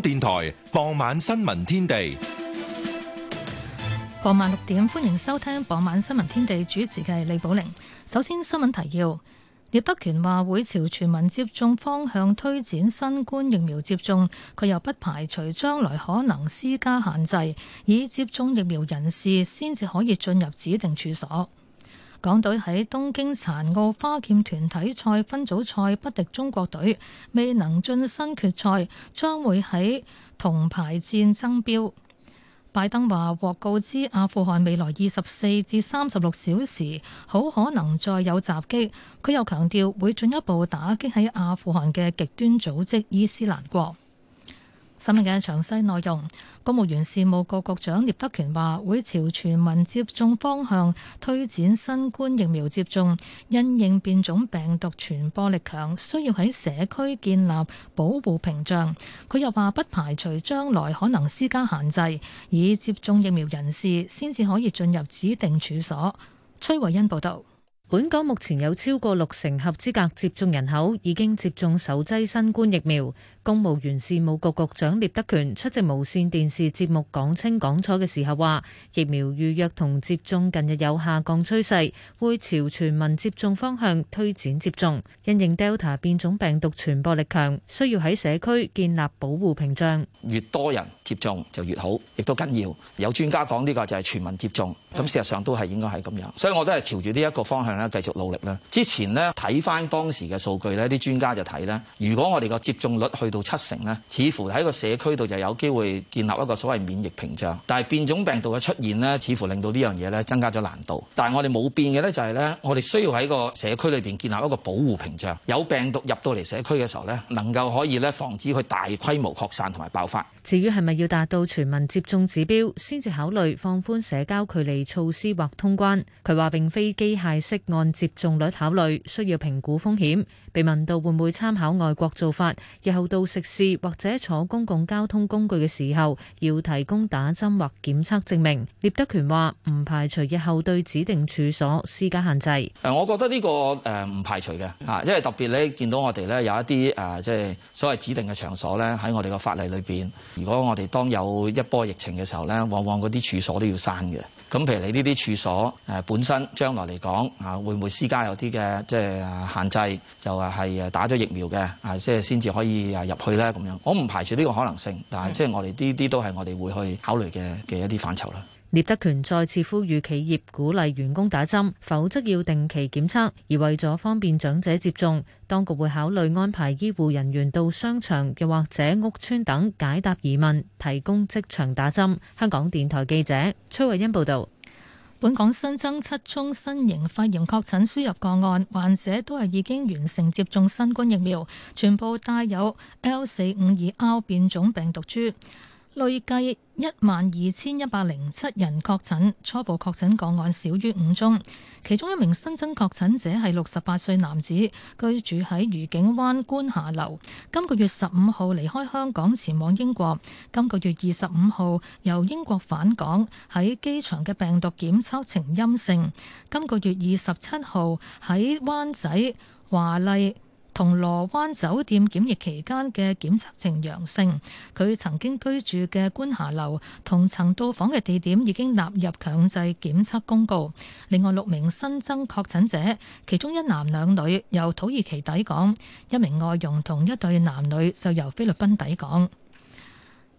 電台傍晚新聞天地，傍晚六點，歡迎收聽傍晚新聞天地，主持嘅李寶玲。首先新聞提要，聶德權話會朝全民接種方向推展新冠疫苗接種，佢又不排除將來可能施加限制，以接種疫苗人士先至可以進入指定處所。港隊喺東京殘奧花劍團體賽分組賽不敵中國隊，未能晉身決賽，將會喺銅牌戰爭標。拜登話獲告知阿富汗未來二十四至三十六小時好可能再有襲擊，佢又強調會進一步打擊喺阿富汗嘅極端組織伊斯蘭國。新聞嘅詳細內容，公務員事務局局長聶德權話：會朝全民接種方向推展新冠疫苗接種，因應變種病毒傳播力強，需要喺社區建立保護屏障。佢又話，不排除將來可能施加限制，以接種疫苗人士先至可以進入指定處所。崔惠恩報導。本港目前有超過六成合資格接種人口已經接種首劑新冠疫苗。公務員事務局局長聶德權出席無綫電視節目講清講楚嘅時候話，疫苗預約同接種近日有下降趨勢，會朝全民接種方向推展接種。因應 Delta 變種病毒傳播力強，需要喺社區建立保護屏障。越多人接種就越好，亦都緊要。有專家講呢個就係全民接種，咁事實上都係應該係咁樣。所以我都係朝住呢一個方向咧繼續努力咧。之前咧睇翻當時嘅數據呢，啲專家就睇咧，如果我哋個接種率去到，到七成呢，似乎喺個社區度就有機會建立一個所謂免疫屏障。但係變種病毒嘅出現呢，似乎令到呢樣嘢呢增加咗難度。但係我哋冇變嘅呢，就係呢：我哋需要喺個社區裏邊建立一個保護屏障。有病毒入到嚟社區嘅時候呢，能夠可以呢防止佢大規模擴散同埋爆發。至於係咪要達到全民接種指標先至考慮放寬社交距離措施或通關？佢話並非機械式按接種率考慮，需要評估風險。被問到會唔會參考外國做法，日後到食肆或者坐公共交通工具嘅時候，要提供打針或檢測證明。聶德權話唔排除日後對指定處所施加限制。誒，我覺得呢個誒唔排除嘅吓，因為特別咧見到我哋咧有一啲誒即係所謂指定嘅場所咧喺我哋個法例裏邊，如果我哋當有一波疫情嘅時候咧，往往嗰啲處所都要閂嘅。咁譬如你呢啲處所誒本身將來嚟講啊，會唔會施加有啲嘅即係限制？就話係誒打咗疫苗嘅啊，即係先至可以啊入去咧咁樣。我唔排除呢個可能性，但係即係我哋呢啲都係我哋會去考慮嘅嘅一啲範疇啦。聶德權再次呼籲企業鼓勵員工打針，否則要定期檢測。而為咗方便長者接種，當局會考慮安排醫護人員到商場又或者屋邨等解答疑問，提供即場打針。香港電台記者崔慧欣報道，本港新增七宗新型肺炎確診輸入個案，患者都係已經完成接種新冠疫苗，全部帶有 L 四五二 R 變種病毒株。累計一萬二千一百零七人確診，初步確診個案少於五宗。其中一名新增確診者係六十八歲男子，居住喺愉景灣觀霞樓。今個月十五號離開香港前往英國，今個月二十五號由英國返港，喺機場嘅病毒檢測呈陰性。今個月二十七號喺灣仔華麗銅鑼灣酒店檢疫期間嘅檢測呈陽性，佢曾經居住嘅觀霞樓同曾到訪嘅地點已經納入強制檢測公告。另外六名新增確診者，其中一男兩女由土耳其抵港，一名外傭同一對男女就由菲律賓抵港。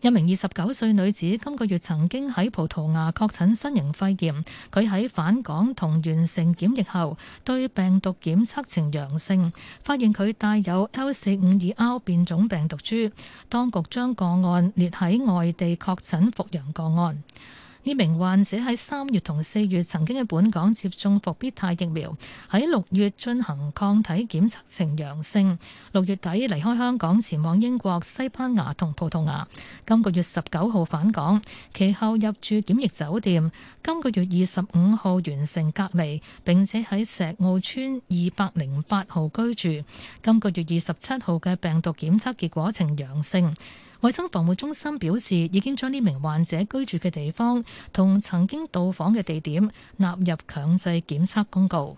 一名二十九歲女子今個月曾經喺葡萄牙確診新型肺炎，佢喺返港同完成檢疫後，對病毒檢測呈陽性，發現佢帶有 L 四五二 R 變種病毒株，當局將個案列喺外地確診復陽個案。呢名患者喺三月同四月曾經喺本港接種復必泰疫苗，喺六月進行抗體檢測呈陽性，六月底離開香港前往英國、西班牙同葡萄牙，今個月十九號返港，其後入住檢疫酒店，今個月二十五號完成隔離，並且喺石澳村二百零八號居住，今個月二十七號嘅病毒檢測結果呈陽性。衛生防護中心表示，已經將呢名患者居住嘅地方同曾經到訪嘅地點納入強制檢測公告。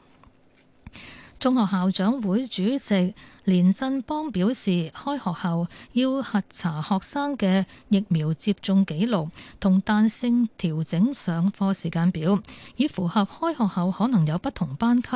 中學校長會主席。連振邦表示，開學後要核查學生嘅疫苗接種記錄，同彈性調整上課時間表，以符合開學後可能有不同班級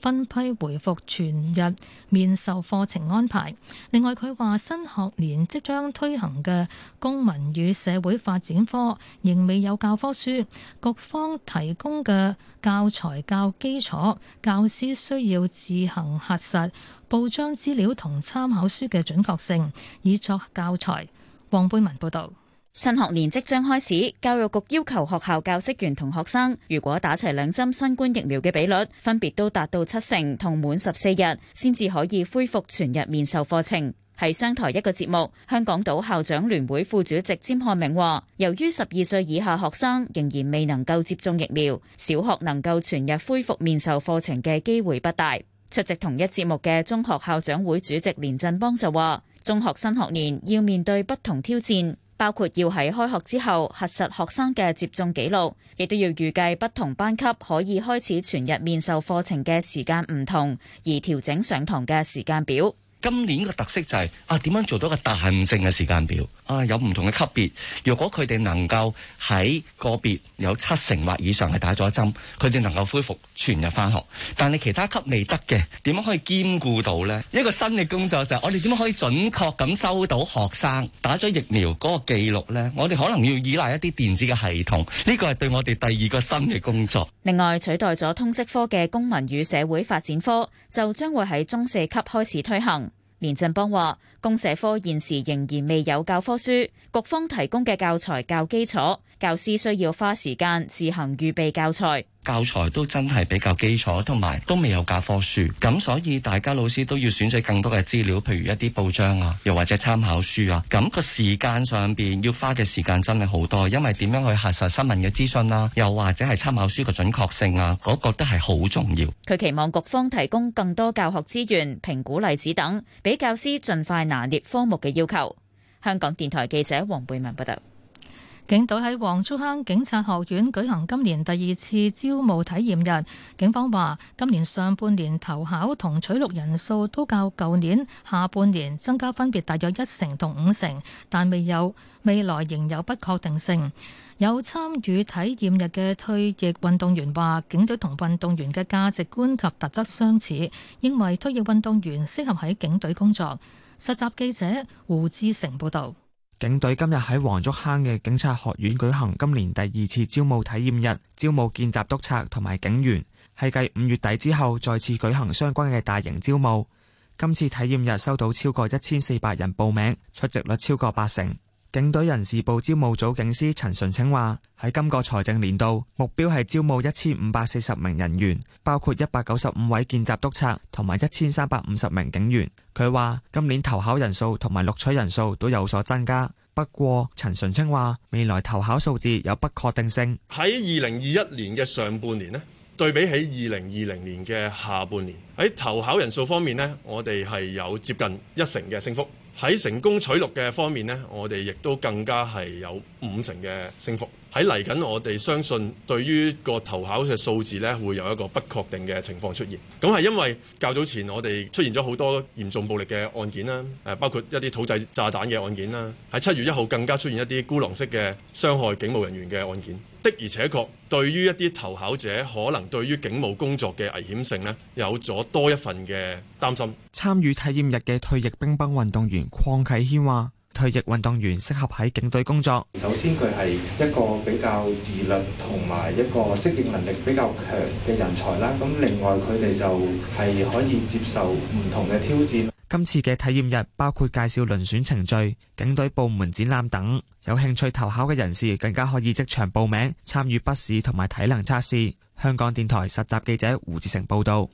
分批回復全日面授課程安排。另外，佢話新學年即將推行嘅公民與社會發展科仍未有教科書，各方提供嘅教材教基礎，教師需要自行核實。報章資料同參考書嘅準確性，以作教材。黃貝文報道，新學年即將開始，教育局要求學校教職員同學生，如果打齊兩針新冠疫苗嘅比率，分別都達到七成同滿十四日，先至可以恢復全日面授課程。喺商台一個節目，香港島校長聯會副主席詹漢明話，由於十二歲以下學生仍然未能夠接種疫苗，小學能夠全日恢復面授課程嘅機會不大。出席同一節目嘅中學校長會主席連振邦就話，中學新學年要面對不同挑戰，包括要喺開學之後核實學生嘅接種記錄，亦都要預計不同班級可以開始全日面授課程嘅時間唔同，而調整上堂嘅時間表。今年嘅特色就係啊，點樣做到個彈性嘅時間表啊？有唔同嘅級別，如果佢哋能夠喺個別有七成或以上係打咗針，佢哋能夠恢復全日翻學。但係其他級未得嘅，點樣可以兼顧到呢？一個新嘅工作就係我哋點樣可以準確咁收到學生打咗疫苗嗰個記錄呢？我哋可能要依賴一啲電子嘅系統，呢個係對我哋第二個新嘅工作。另外，取代咗通識科嘅公民與社會發展科，就將會喺中四級開始推行。田振邦話。公社科現時仍然未有教科書，局方提供嘅教材較基礎，教師需要花時間自行預備教材。教材都真係比較基礎，同埋都未有教科書，咁所以大家老師都要選取更多嘅資料，譬如一啲報章啊，又或者參考書啊。咁個時間上邊要花嘅時間真係好多，因為點樣去核實新聞嘅資訊啦，又或者係參考書嘅準確性啊，我覺得，係好重要。佢期望局方提供更多教學資源、評估例子等，俾教師盡快。拿列科目嘅要求。香港電台記者黃貝文報道，警隊喺黃竹坑警察學院舉行今年第二次招募體驗日。警方話，今年上半年投考同取錄人數都較舊年下半年增加，分別大約一成同五成，但未有未來仍有不確定性。有參與體驗日嘅退役運動員話，警隊同運動員嘅價值觀及特質相似，認為退役運動員適合喺警隊工作。實習記者胡志成報道，警隊今日喺黃竹坑嘅警察學院舉行今年第二次招募體驗日，招募見習督察同埋警員，係繼五月底之後再次舉行相關嘅大型招募。今次體驗日收到超過一千四百人報名，出席率超過八成。警隊人事部招募組警司陳純清話：喺今個財政年度，目標係招募一千五百四十名人員，包括一百九十五位見習督，督察同埋一千三百五十名警員。佢話今年投考人數同埋錄取人數都有所增加。不過，陳純清話未來投考數字有不確定性。喺二零二一年嘅上半年呢，對比起二零二零年嘅下半年，喺投考人數方面呢，我哋係有接近一成嘅升幅。喺成功取錄嘅方面呢，我哋亦都更加係有五成嘅升幅。喺嚟緊，我哋相信對於個投考嘅數字呢，會有一個不確定嘅情況出現。咁係因為較早前我哋出現咗好多嚴重暴力嘅案件啦，誒包括一啲土製炸彈嘅案件啦。喺七月一號更加出現一啲孤狼式嘅傷害警務人員嘅案件。的而且確，對於一啲投考者，可能對於警務工作嘅危險性呢，有咗多一份嘅擔心。參與體驗日嘅退役乒乓運動員鄺啟謙話，退役運動員適合喺警隊工作。首先佢係一個比較自律同埋一個適應能力比較強嘅人才啦。咁另外佢哋就係可以接受唔同嘅挑戰。今次嘅體驗日包括介紹遴選程序、警隊部門展覽等。有興趣投考嘅人士更加可以即場報名參與筆試同埋體能測試。香港電台實習記者胡志成報導。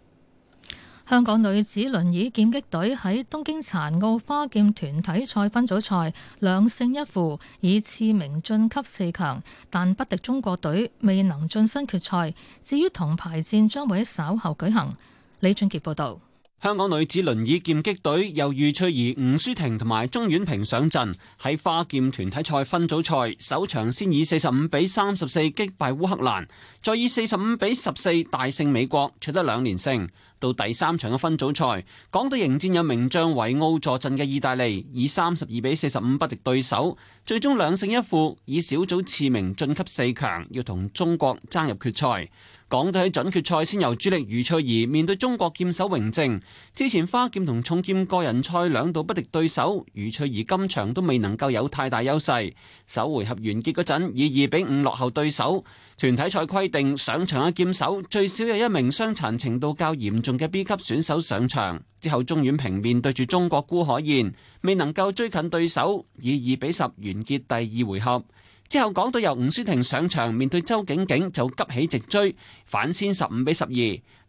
香港女子輪椅劍擊隊喺東京殘奧花劍團體賽分組賽兩勝一負，以次名晉級四強，但不敵中國隊，未能晉身決賽。至於銅牌戰將會喺稍後舉行。李俊傑報導。香港女子輪椅劍擊隊由余翠怡、吳舒婷同埋鍾婉萍上陣，喺花劍團體賽分組賽首場先以四十五比三十四擊敗烏克蘭，再以四十五比十四大勝美國，取得兩連勝。到第三場嘅分組賽，港隊迎戰有名將維奧助陣嘅意大利，以三十二比四十五不敵對手，最終兩勝一負，以小組次名晉級四強，要同中國爭入決賽。港隊喺準決賽先由主力余翠怡面對中國劍手榮正，之前花劍同重劍個人賽兩度不敵對手，余翠怡今場都未能夠有太大優勢，首回合完結嗰陣以二比五落後對手。團體賽規定上場嘅劍手最少有一名傷殘程度較嚴重嘅 B 級選手上場。之後鍾遠平面對住中國孤海燕，未能夠追近對手，以二比十完結第二回合。之後講到由吳舒婷上場面對周景景就急起直追，反先十五比十二。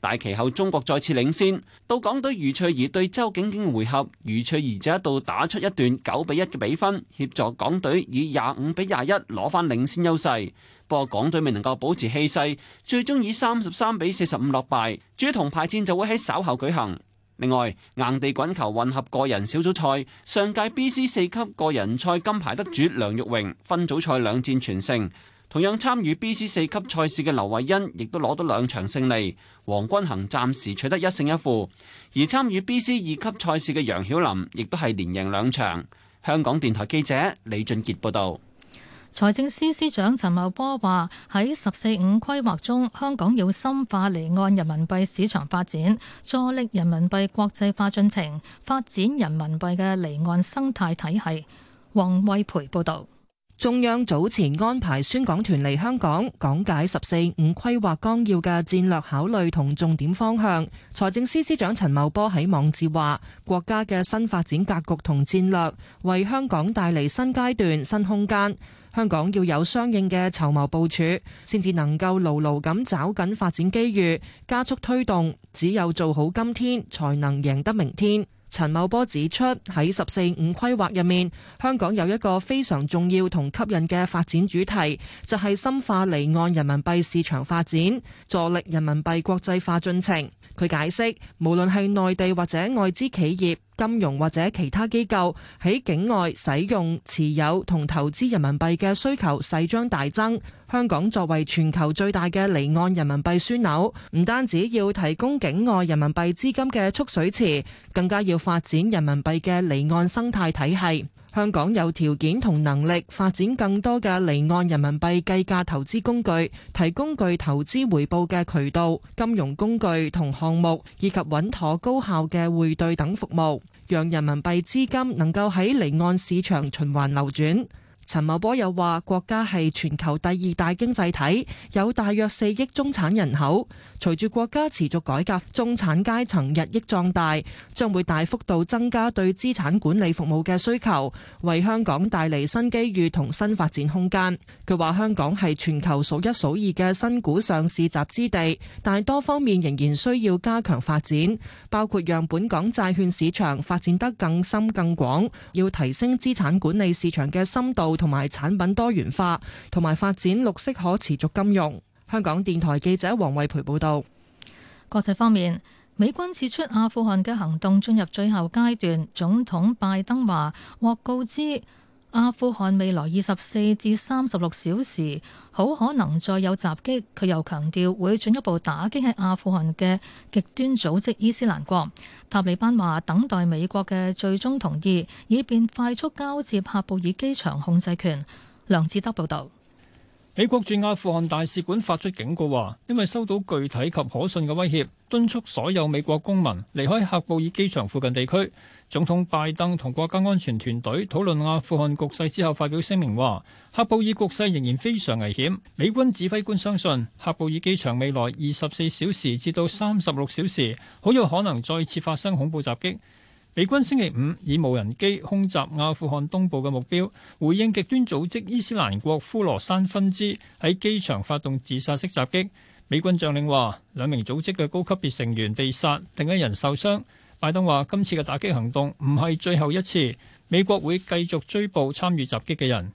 大其後，中國再次領先。到港隊余翠怡對周景景回合，余翠怡就一度打出一段九比一嘅比分，協助港隊以廿五比廿一攞翻領先優勢。不過港隊未能夠保持氣勢，最終以三十三比四十五落敗。主要銅牌戰就會喺稍後舉行。另外，硬地滾球混合個人小組賽，上屆 B C 四級個人賽金牌得主梁玉榮，分組賽兩戰全勝。同樣參與 BC 四級賽事嘅劉慧欣，亦都攞到兩場勝利。黃君恒暫時取得一勝一負。而參與 BC 二級賽事嘅楊曉琳亦都係連贏兩場。香港電台記者李俊傑報道。財政司司長陳茂波話：喺十四五規劃中，香港要深化離岸人民幣市場發展，助力人民幣國際化進程，發展人民幣嘅離岸生態體系。黃惠培報道。中央早前安排宣講團嚟香港講解十四五規劃綱要嘅戰略考慮同重點方向。財政司司長陳茂波喺網誌話：國家嘅新發展格局同戰略為香港帶嚟新階段、新空間。香港要有相應嘅籌謀部署，先至能夠牢牢咁抓緊發展機遇，加速推動。只有做好今天，才能贏得明天。陳茂波指出，喺十四五規劃入面，香港有一個非常重要同吸引嘅發展主題，就係深化離岸人民幣市場發展，助力人民幣國際化進程。佢解釋，無論係內地或者外資企業，金融或者其他機構喺境外使用、持有同投資人民幣嘅需求勢將大增。香港作為全球最大嘅離岸人民幣樞紐，唔單止要提供境外人民幣資金嘅蓄水池，更加要發展人民幣嘅離岸生態體系。香港有條件同能力發展更多嘅離岸人民幣計價投資工具，提供具投資回報嘅渠道、金融工具同項目，以及穩妥高效嘅匯兌等服務，讓人民幣資金能夠喺離岸市場循環流轉。陳茂波又話：國家係全球第二大經濟體，有大約四億中產人口。隨住國家持續改革，中產階層日益壯大，將會大幅度增加對資產管理服務嘅需求，為香港帶嚟新機遇同新發展空間。佢話：香港係全球數一數二嘅新股上市集資地，但多方面仍然需要加強發展，包括讓本港債券市場發展得更深更廣，要提升資產管理市場嘅深度，同埋產品多元化，同埋發展綠色可持續金融。香港電台記者黃惠培報導。國際方面，美軍撤出阿富汗嘅行動進入最後階段，總統拜登話獲告知。阿富汗未來二十四至三十六小時，好可能再有襲擊，佢又強調會進一步打擊喺阿富汗嘅極端組織伊斯蘭國。塔利班話等待美國嘅最終同意，以便快速交接喀布爾機場控制權。梁志德報道。美國駐阿富汗大使館發出警告話，因為收到具體及可信嘅威脅，敦促所有美國公民離開喀布爾機場附近地區。總統拜登同國家安全團隊討論阿富汗局勢之後，發表聲明話，喀布爾局勢仍然非常危險。美軍指揮官相信，喀布爾機場未來二十四小時至到三十六小時，好有可能再次發生恐怖襲擊。美軍星期五以無人機空襲阿富汗東部嘅目標，回應極端組織伊斯蘭國呼羅山分支喺機場發動自殺式襲擊。美軍將領話，兩名組織嘅高級別成員被殺，另一人受傷。拜登話，今次嘅打擊行動唔係最後一次，美國會繼續追捕參與襲擊嘅人。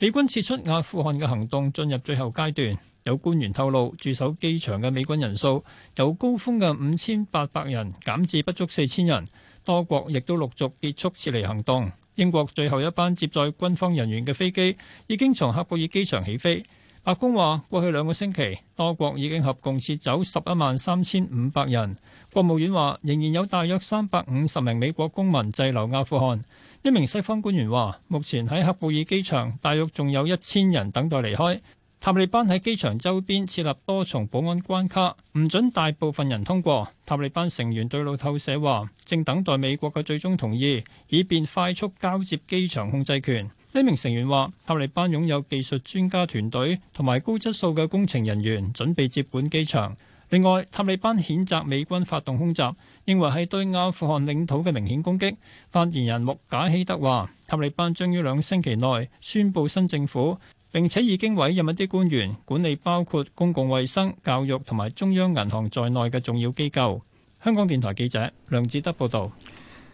美軍撤出阿富汗嘅行動進入最後階段，有官員透露，駐守機場嘅美軍人數由高峰嘅五千八百人減至不足四千人。多國亦都陸續結束撤離行動。英國最後一班接載軍方人員嘅飛機已經從喀布爾機場起飛。白宮話：過去兩個星期，多國已經合共撤走十一萬三千五百人。國務院話：仍然有大約三百五十名美國公民滯留阿富汗。一名西方官員話：目前喺喀布爾機場，大約仲有一千人等待離開。塔利班喺機場周邊設立多重保安關卡，唔准大部分人通過。塔利班成員對路透社話：正等待美國嘅最終同意，以便快速交接機場控制權。呢名成員話：塔利班擁有技術專家團隊同埋高質素嘅工程人員，準備接管機場。另外，塔利班譴責美軍發動空襲，認為係對阿富汗領土嘅明顯攻擊。發言人穆賈希德話：塔利班將於兩星期內宣佈新政府。並且已經委任一啲官員管理，包括公共衛生、教育同埋中央銀行在內嘅重要機構。香港電台記者梁志德報道。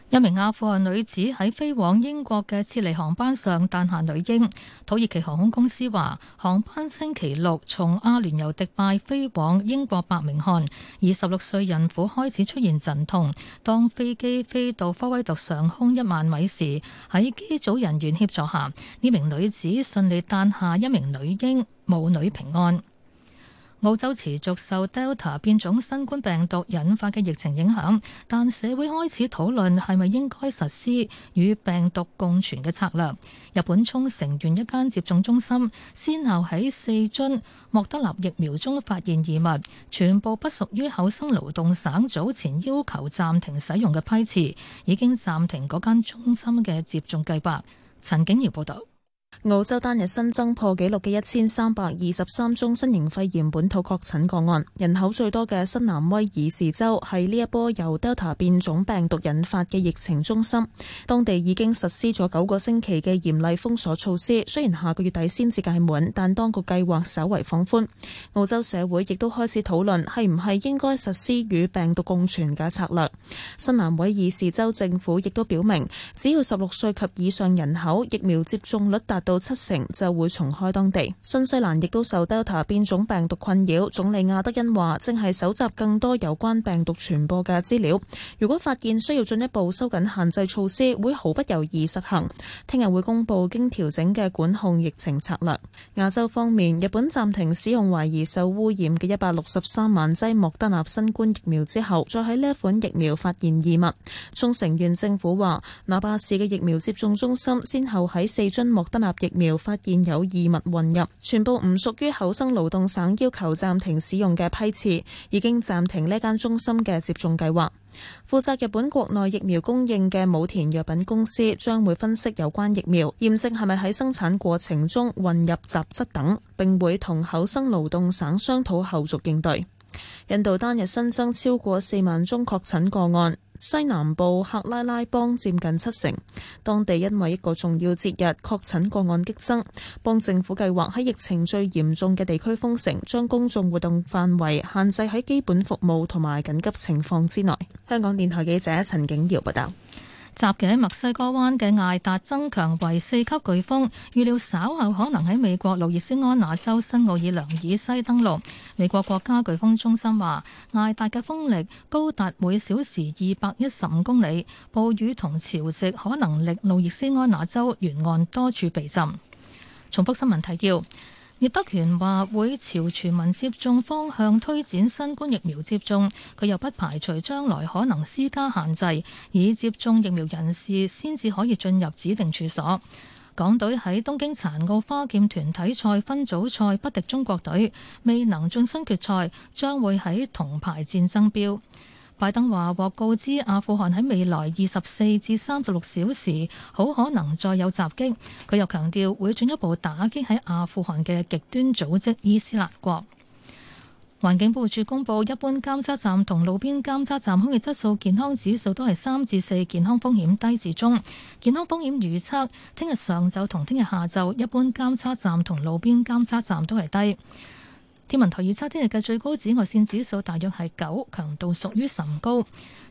一名阿富汗女子喺飛往英國嘅撤離航班上誕下女嬰。土耳其航空公司話，航班星期六從阿聯酋迪拜飛往英國伯明翰，二十六歲孕婦開始出現陣痛。當飛機飛到科威特上空一萬米時，喺機組人員協助下，呢名女子順利誕下一名女嬰，母女平安。澳洲持續受 Delta 變種新冠病毒引發嘅疫情影響，但社會開始討論係咪應該實施與病毒共存嘅策略。日本沖繩縣一間接種中心，先後喺四樽莫德納疫苗中發現異物，全部不屬於厚生勞動省早前要求暫停使用嘅批次，已經暫停嗰間中心嘅接種計劃。陳景瑤報道。澳洲單日新增破紀錄嘅一千三百二十三宗新型肺炎本土確診個案，人口最多嘅新南威爾士州係呢一波由 Delta 變種病毒引發嘅疫情中心，當地已經實施咗九個星期嘅嚴厲封鎖措施，雖然下個月底先至屆滿，但當局計劃稍為放寬。澳洲社會亦都開始討論係唔係應該實施與病毒共存嘅策略。新南威爾士州政府亦都表明，只要十六歲及以上人口疫苗接種率達到七成就會重開當地。新西蘭亦都受 Delta 變種病毒困擾，總理亞德恩話：正係搜集更多有關病毒傳播嘅資料。如果發現需要進一步收緊限制措施，會毫不猶豫實行。聽日會公佈經調整嘅管控疫情策略。亞洲方面，日本暫停使用懷疑受污染嘅一百六十三萬劑莫德納新冠疫苗之後，再喺呢一款疫苗發現異物。沖繩縣政府話：那霸市嘅疫苗接種中心，先後喺四樽莫德納。疫苗發現有異物混入，全部唔屬於厚生勞動省要求暫停使用嘅批次，已經暫停呢間中心嘅接種計劃。負責日本國內疫苗供應嘅武田藥品公司將會分析有關疫苗，驗證係咪喺生產過程中混入雜質等，並會同厚生勞動省商討後續應對。印度單日新增超過四萬宗確診個案。西南部克拉拉邦佔近七成，當地因為一個重要節日，確診個案激增。邦政府計劃喺疫情最嚴重嘅地區封城，將公眾活動範圍限制喺基本服務同埋緊急情況之內。香港電台記者陳景耀報道。襲擊墨西哥灣嘅艾達增強為四級颶風，預料稍後可能喺美國路易斯安那州新奧爾良以西登陸。美國國家颶風中心話，艾達嘅風力高達每小時二百一十五公里，暴雨同潮汐可能令路易斯安那州沿岸多處被浸。重複新聞提要。葉德權話會朝全民接種方向推展新冠疫苗接種，佢又不排除將來可能施加限制，以接種疫苗人士先至可以進入指定處所。港隊喺東京殘奧花劍團體賽分組賽不敵中國隊，未能晉身決賽，將會喺銅牌戰爭標。拜登話獲告知阿富汗喺未來二十四至三十六小時好可能再有襲擊，佢又強調會進一步打擊喺阿富汗嘅極端組織伊斯蘭國。環境保護署公佈，一般監測站同路邊監測站空氣質素健康指數都係三至四，健康風險低至中。健康風險預測，聽日上晝同聽日下晝，一般監測站同路邊監測站都係低。天文台預測，聽日嘅最高紫外線指數大約係九，強度屬於甚高。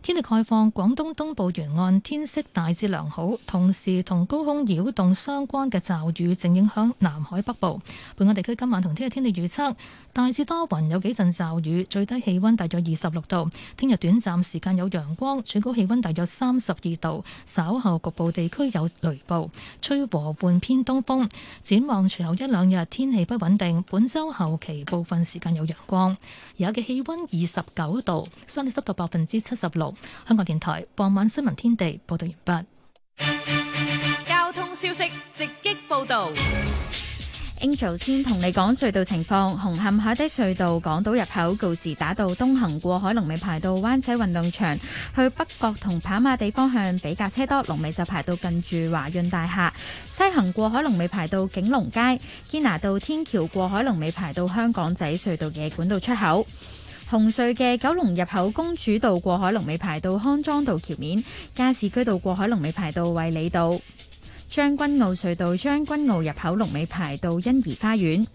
天氣概況，廣東東部沿岸天色大致良好，同時同高空擾動相關嘅驟雨正影響南海北部。本港地區今晚同聽日天氣預測大致多雲，有幾陣驟雨，最低氣温大約二十六度。聽日短暫時間有陽光，最高氣温大約三十二度，稍後局部地區有雷暴，吹和半偏東風。展望隨後一兩日天氣不穩定，本週後期暴雨。部分時間有陽光，而家嘅氣溫二十九度，相對濕度百分之七十六。香港電台傍晚新聞天地報道完畢。交通消息直擊報道。Angel 先同你講隧道情況，紅磡海底隧道港島入口告士打道東行過海龍尾排到灣仔運動場，去北角同跑馬地方向比較車多，龍尾就排到近住華潤大廈；西行過海龍尾排到景隆街，堅拿道天橋過海龍尾排到香港仔隧道嘅管道出口。紅隧嘅九龍入口公主道過海龍尾排到康莊道橋面，加士居道過海龍尾排到衛理道。將軍澳隧道，將軍澳入口龍尾排到欣怡花園。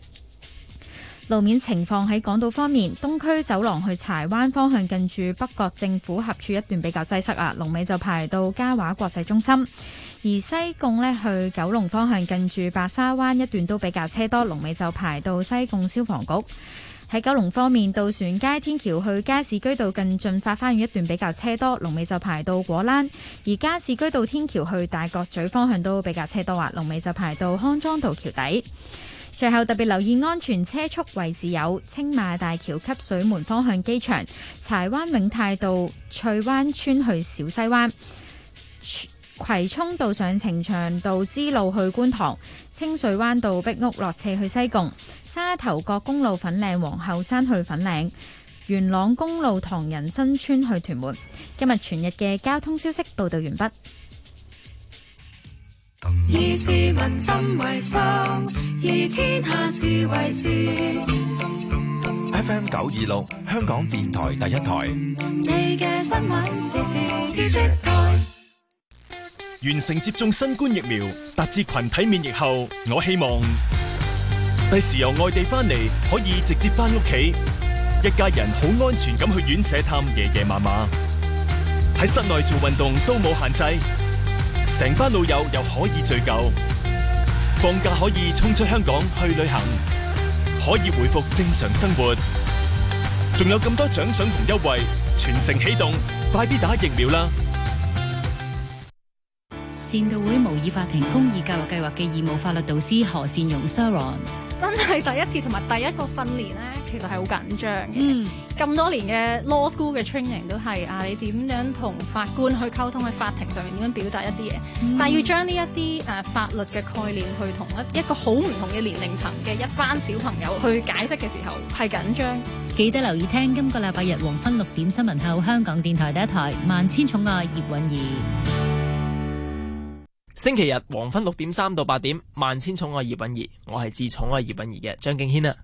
路面情況喺港島方面，東區走廊去柴灣方向近住北角政府合署一段比較擠塞啊，龍尾就排到嘉華國際中心；而西貢呢，去九龍方向近住白沙灣一段都比較車多，龍尾就排到西貢消防局。喺九龍方面，渡船街天橋去加士居道近駿發花園一段比較車多，龍尾就排到果欄；而加士居道天橋去大角咀方向都比較車多啊，龍尾就排到康莊道橋底。最後特別留意安全車速位置有青馬大橋汲水門方向機場、柴灣永泰道翠灣村去小西灣、葵涌道上呈祥道支路去觀塘、清水灣道碧屋落斜去西貢。沙頭角公路粉嶺皇后山去粉嶺，元朗公路唐人新村去屯門。今日全日嘅交通消息報道完畢。以市民心為心，以天下事為事。FM 九二六，香港電台第一台。你嘅新聞時事資訊台。完成接種新冠疫苗，達至群體免疫後，我希望。第時由外地翻嚟，可以直接翻屋企，一家人好安全咁去院舍探爺爺嫲嫲，喺室內做運動都冇限制，成班老友又可以聚舊，放假可以衝出香港去旅行，可以回復正常生活，仲有咁多獎賞同優惠，全城起動，快啲打疫苗啦！善道會模擬法庭公義教育計劃嘅義務法律導師何善容 Siron，真係第一次同埋第一個訓練呢其實係好緊張嘅。咁、嗯、多年嘅 Law School 嘅 training 都係啊，你點樣同法官去溝通喺法庭上面，點樣表達一啲嘢？嗯、但係要將呢一啲誒法律嘅概念去同一一個好唔同嘅年齡層嘅一班小朋友去解釋嘅時候，係緊張。記得留意聽今個禮拜日黃昏六點新聞後，香港電台第一台《萬千寵愛葉蘊儀》。星期日黃昏六點三到八點，萬千寵愛葉蘊儀，我係至寵愛葉蘊儀嘅張敬軒啊！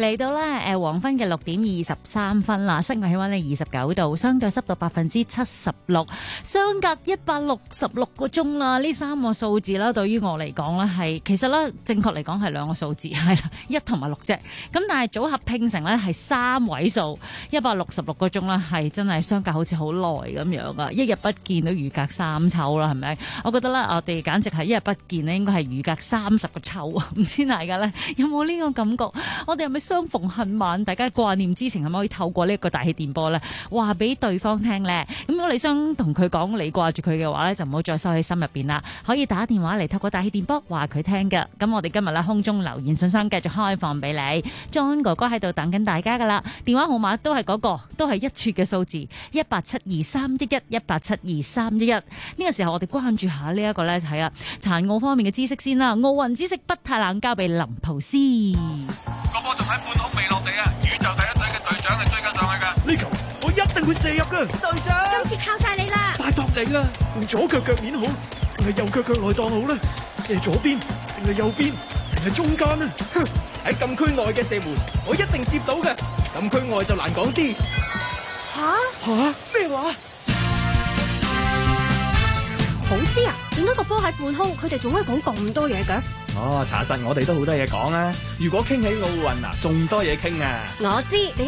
嚟到呢誒黃昏嘅六點二十三分啦，室外氣温呢二十九度，相對濕度百分之七十六，相隔一百六十六個鐘啦，呢三個數字啦，對於我嚟講呢，係，其實呢正確嚟講係兩個數字，係一同埋六啫。咁但係組合拼成呢係三位數，一百六十六個鐘啦，係真係相隔好似好耐咁樣啊！一日不見都如隔三秋啦，係咪？我覺得呢，我哋簡直係一日不見呢，應該係如隔三十個秋啊！唔知大家呢，有冇呢個感覺？我哋有咩？相逢恨晚，大家掛念之情，係咪可以透過呢一個大氣電波咧，話俾對方聽咧？咁如果你想同佢講你掛住佢嘅話咧，就唔好再收喺心入邊啦，可以打電話嚟透過大氣電波話佢聽噶。咁我哋今日咧空中留言信箱繼續開放俾你，John 哥哥喺度等緊大家噶啦，電話號碼都係嗰個，都係一串嘅數字，一八七二三一一一八七二三一一。呢個時候我哋關注下呢一個咧，就係啦，殘奧方面嘅知識先啦，奧運知識不太冷，交俾林濤師。喺半空未落地啊！宇宙第一隊嘅隊長係追緊上去噶，呢球我一定會射入噶。隊長今次靠晒你啦，拜託你啦。用左腳腳面好，定係右腳腳內當好咧？射左邊，定係右邊，定係中間咧？哼！喺禁區內嘅射門，我一定接到嘅。禁區外就難講啲。吓吓咩話？好犀啊？點解個波喺半空，佢哋仲可以講咁多嘢嘅？哦，查、oh, 實我哋都好多嘢講啊！如果傾起奧運啊仲多嘢傾啊！我知。